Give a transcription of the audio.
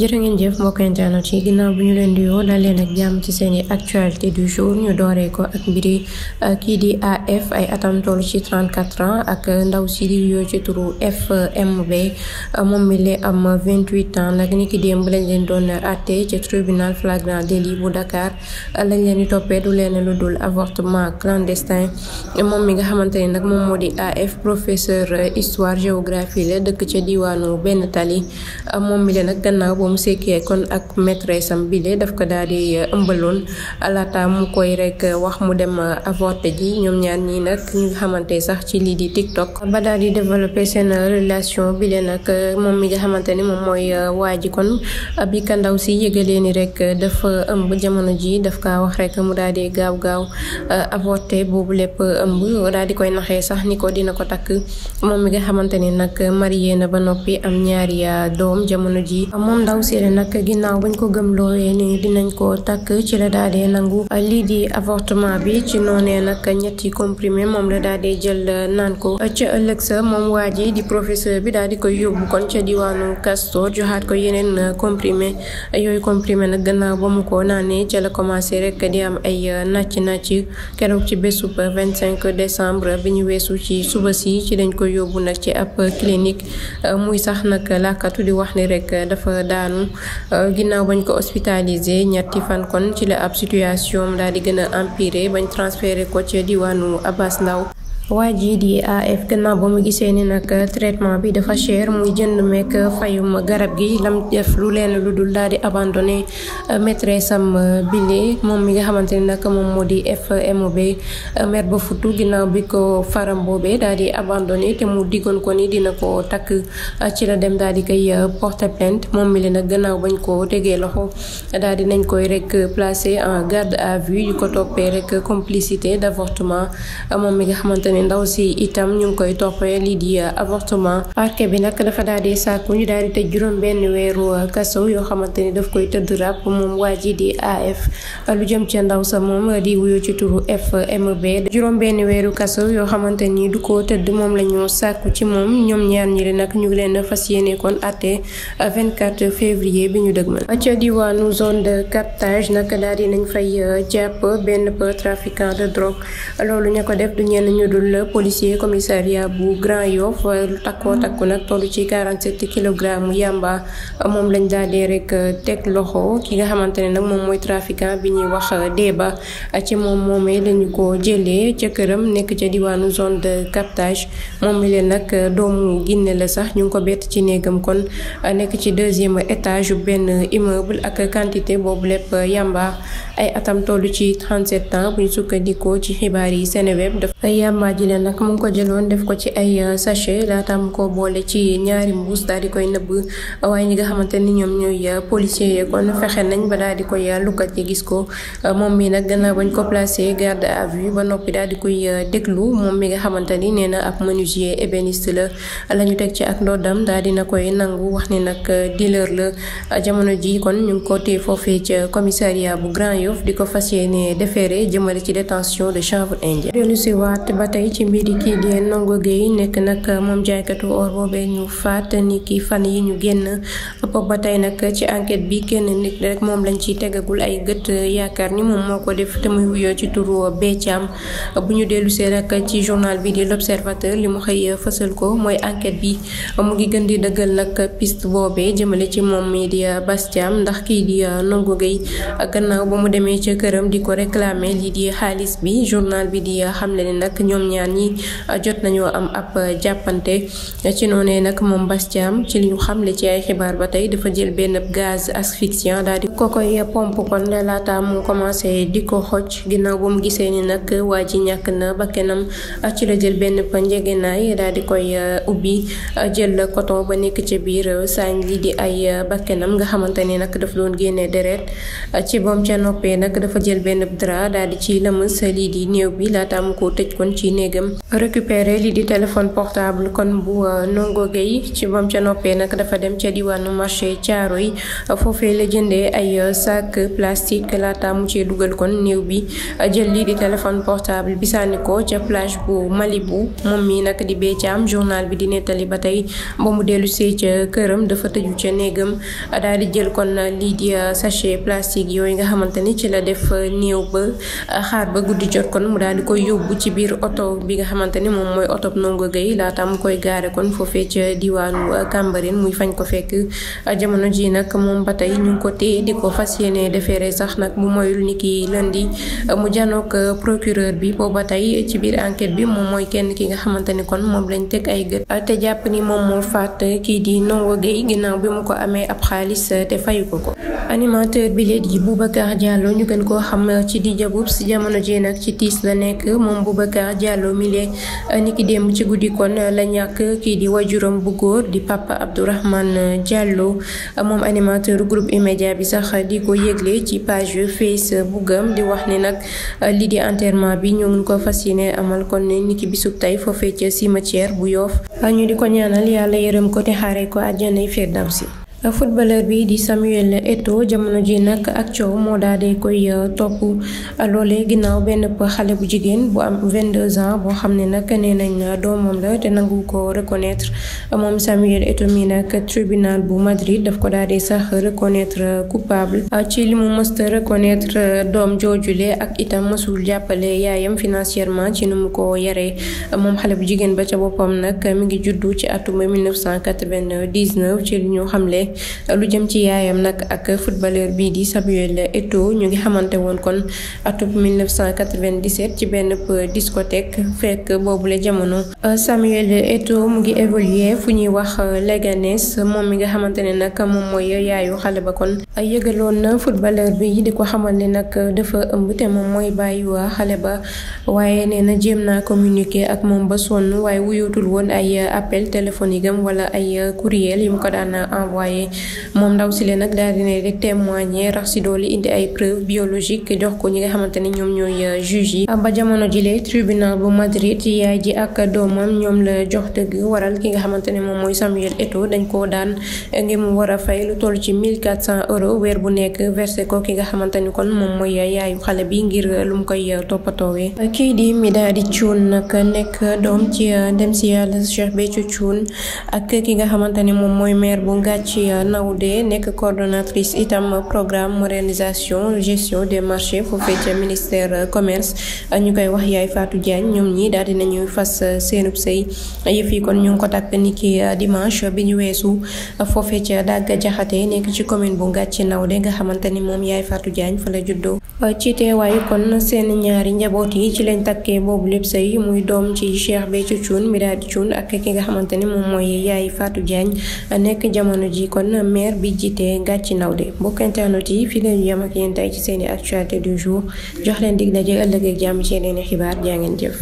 jërë ngeen jëf mbokk ci yi ginnaaw bu ñu leen di yoo daal leen ak jàmm ci seen i actualité du jour ñu dooree ko ak mbiri euh, kii di AF ay atam toll ci 34 ans ak euh, ndaw si di yoo ci turu euh, moom mi lee am 28 ans nag ni ki démb lañ leen doon atte ci tribunal flagrant délit bu Dakar lañ leen di toppee du leen lu dul avortement clandestin moom mi nga xamante ne nag moom moo di AF professeur histoire géographie la dëkk ca diwaanu Benn Tali moom mi lee nag gannaaw moom sekkee kon ak maîtresse am bile daf ko daal di euh, ëmbaloon laata mu koy rek euh, wax mu dem euh, avorté ji ñoom ñaar ñii nag ñu nga xamante sax ci lii di TikTok. ba daal di développé seen relation bile nag moom mi nga xamante ni moom mooy waa ji kon bi ka ndaw si yëgalee ni rek dafa ëmb jamono ji daf kaa wax rek mu daal gaaw gaaw avorté boobu lépp ëmb daal na ba noppi am ñaari doom jamono ji moom ndaw si la nag ginnaaw bañ ko gëm looyee ni dinañ ko takk ci la daal di nangu lii di avortement bi ci noonee nag ñetti comprimé moom la daal di jël naan ko ca ëllëg sa moom waa ji di professeur bi daal di koy yóbbu kon ca diwaanu Castor joxaat ko yeneen comprimé yooyu comprimé nag gannaaw ba mu ko naanee ca la commencé rek di am ay nàcc nàcc keroog ci besu bésu cinq décembre bi ñu weesu ci suba si ci dañ koy yóbbu nag ci ab clinique muy sax daanu euh, ginnaaw bañ ko hospitalisé ñetti fan kon ci la ab situation daal di gën a empiré bañ transféré ko ci diwaanu Abass waa jii di AF gannaaw ba mu gisee ni nag traitement bi dafa cher muy jënd meek fayum garab gi lam def lu leen lu dul daal di abandonné euh, maîtresse sam euh, bile moom mi nga xamante ni nag moom moo di FMB euh, mer ba futu ginnaaw bi ko faram boobee di abandonné te mu diggoon ko dina ko takk ci la dem daal di koy porter plainte moom mi leen nag gannaaw bañ ko tegee loxo daal di nañ koy rek placer en garde à vue ko toppee rek complicité d'avortement moom nga xamante ne ndaw si itam ñu ngi koy toppee lii di avortement parquet bi nag dafa daal di sàkku ñu daal di juróom benn weeru kaso yoo xamante ni daf koy tëdd ràpp moom waa ji di AF lu jëm ca ndaw sa moom di wuyoo ci turu FMB juróom benn weeru kaso yoo xamante ni du ko tëdd moom la ñu sàkku ci moom ñoom ñaar ñi le nag ñu ngi leen fas yéene kon àtte 24 février bi ñu dëgmal ca diwaanu zone de captage nag daal di nañ fay jàpp benn trafiquant de drogue loolu ña ko def du ñenn ñu dul la policier commissariat bu Grand Yoff lu takkoo takku nag toll ci 47 kilogramme yamba moom lañ daal di rek euh, teg loxo ki nga xamante ne nag moom mooy trafiquant bi ñuy wax euh, Déba ci moom moomee lañu ko jëlee ca këram nekk ca diwaanu zone de captage moom mi leen nag euh, doomu Guinée la sax ñu ngi ko bett ci néegam kon nekk ci deuxième étage bu benn immeuble ak quantité boobu lépp yamba. ay atam toll ci 37 ans bu ñu sukkandikoo ci xibaar yi Seneweb dafa yàmmaa ji leen nag mu ngi ko jëloon def ko ci ay euh, sachet laatam ko boole ci ñaari mbuus daal di koy nëbb waaye ñi nga xamante ni ñoom ñooy euh, policiers yi kon nañ ba daal di koy euh, luggat yi gis ko moom mi nag gannaaw bañ ko placé garde à vue ba noppi daal di koy déglu moom mi nga xamante ni nee na ab menuisier ébéniste la lañu teg ci ak ndoddam daal dina koy nangu wax ni nag dealer la jamono ji kon ñu ngi ko téye foofee ca commissariat bu Grand Yoff Yoff di ko fas defeere déféré jëmale ci détention de chanvre indien. dellu si waat ba tey ci mbiri kii di Ndongo Gueye nekk nag moom jaaykatu or boobee ñu faat ni ki fan yi ñu génn ëpp ba tey nag ci enquête bi kenn nit rek moom lañ ci tegagul ay gët yaakaar ni moom moo ko def te muy wuyoo ci turu Bécam bu ñu dellu see nag ci journal bi di l'observateur li mu xëy fësal ko mooy enquête bi mu ngi gën di dëggal nag pist boobee jëmale ci moom mii Bastiam ndax kii di demee ca këram di ko réclamer lii di xaalis bi journal bi di xamle ne nag ñoom ñaar ñi ah, jot nañoo am ab ah, jàppante ci noonee nag moom Bass Thiam ci li ñu xamle ci ay xibaar ba tey dafa jël benn gaz asphyxiant daal di ko koy kon laata mu commencé di ko xoj ginnaaw ba gisee ni nag waa ji ñàkk na bakkanam ah, ci la jël benn pa njegenaay daal di koy ubbi jël coton ba nekk ca biir saañ lii di ay bakkenam nga xamante ni nag daf doon génnee deret ci boom ca nopp noppee nag dafa jël benn drap daal ci lëmës lii di néew bi laata mu ko tëj kon ci néegam récupéré lii di téléphone portable kon bu euh, Ndongo Gueye ci bam ca noppee nag dafa dem ca diwaanu marché caaro yi euh, foofee la jëndee ay euh, sac plastique laata mu cee dugal kon néew bi jël lii téléphone portable bi sànni ko ca plage bu Malibu moom mi nag di bee caam journal bi di nettali ba tey ba mu dellu see ca këram dafa tëju ca néegam daal di jël kon lii di sachet plastique yooyu nga xamante ni ci la def euh, néew ba euh, xaar ba guddi jot kon mu daal di koy yóbbu ci biir oto bi nga xamante ni moom mooy oto Ndongo Gueye laata mu koy gaare kon foofee ca diwaanu euh, muy fañ ko fekk jamono ji nag moom ba tey ñu ngi ko téye di ko fas yéene defeere sax nag bu moyul ni ki lundi mu janook procureur bi booba tey ci biir enquête bi moom mooy kenn ki nga xamante ni kon moom lañ teg ay gët te jàpp ni moom moo faat kii di Ndongo Gueye ginnaaw bi mu ko amee ab xaalis te fayu ko ko animateur bi léegi Boubacar Diallo Diallo ñu gën koo xam ci Dj Boubs jamono ji nag ci tiis la nekk moom Boubacar Diallo mile niki démb ci guddi kon la ñàkk kii di wajuram bu góor di Papa Abdourahmane Diallo moom animateur groupe E-Media bi sax di ko yëgle ci page Facebookam di wax ni nag lii di enterrement bi ñu ngi ko fas yéene amal kon niki bisub tey foofee ca cimetière bu Yoff ñu di ko ñaanal yàlla yërëm ko te xaaree ko àjjanay firdawsi footballeur bi di Samuel Eto'o jamono ji nag ak coow moo daal di koy euh, topp loolee ginnaaw benn xale bu jigéen bu am 22 ans boo xam ne nag nee nañ doomam la te nangu ko reconnaître moom Samuel Eto'o mii nag tribunal bu Madrid daf ko daal di sax reconnaître coupable ci li mu mësta reconnaître euh, doom joojule ak itam mësul jàppale yaayam financièrement ci nu mu ko yare moom xale bu jigéen ba ca boppam nag mu ngi juddu ci atum 1999 ci li ñu xamle. lu jëm ci yaayam nag ak footballeur bii di Samuel Eto'o ñu ngi xamante woon kon atub 1997 ci benn discothèque fekk boobule jamono. Samuel Eto'o mu ngi évoluer fu ñuy wax Leganés moom mi nga xamante ne nag moom mooy yaayu xale ba kon ay yëgaloon na footballeur bi di ko xamal ne nag dafa ëmb te moom mooy bàyyi waa xale ba waaye nee na jéem naa communiquer ak moom ba sonn waaye wuyootul woon ay appel téléphone am wala ay courriel yu mu ko daan envoyé. waaye moom ndaw si leen nag daal di ne rek témoigner rax si doole indi ay preuve biologique jox ko ñi nga xamante ni ñoom ñooy euh, juge yi ba jamono jile tribunal bu Madrid yaay ji ak doomam ñoom la jox dëgg waral ki nga xamante ne moom mooy Samuel Eto'o dañ koo daan ngir mu a fay lu toll ci 1400 euros weer bu ki nga ni kon moom mooy yaayu xale bi ngir euh, lu mu koy euh, toppatoowee kii di mi daal di cuun nag nekk doom ci dem si yàlla Cheikh Béthio ak ki nga xamante moom mooy maire bu Ngathie Nawde nekk coordonnatrice itam programme modernisation gestion des marchés foofee ca ministère commerce ñu koy wax yaay faatu Diagne ñoom ñi daal nañu fas seenub sëy yëf yi kon ñu ngi ko tàkk ni ki dimanche bi ñu weesu foofee ca Dagga nekk ci commune bu Ngathie Nawde nga xamante ni moom yaay Fatou Diagne fa la juddoo ci teewaayu kon seen ñaari njaboot yi ci lañ takkee boobu lépp sëy muy doom ci Cheikh Béthio Thioune Mbiradi Thioune ak ki nga xamante ni moom mooy yaay Fatou Diagne nekk jamono ji kon maire bi jiite gàcci naw de mbokk internet yi fi lañu yam ak yéen tey ci seeni actualité du jour jox leen dig daje ëllëg ak jàmm ci yeneen xibaar jaa ngeen jëf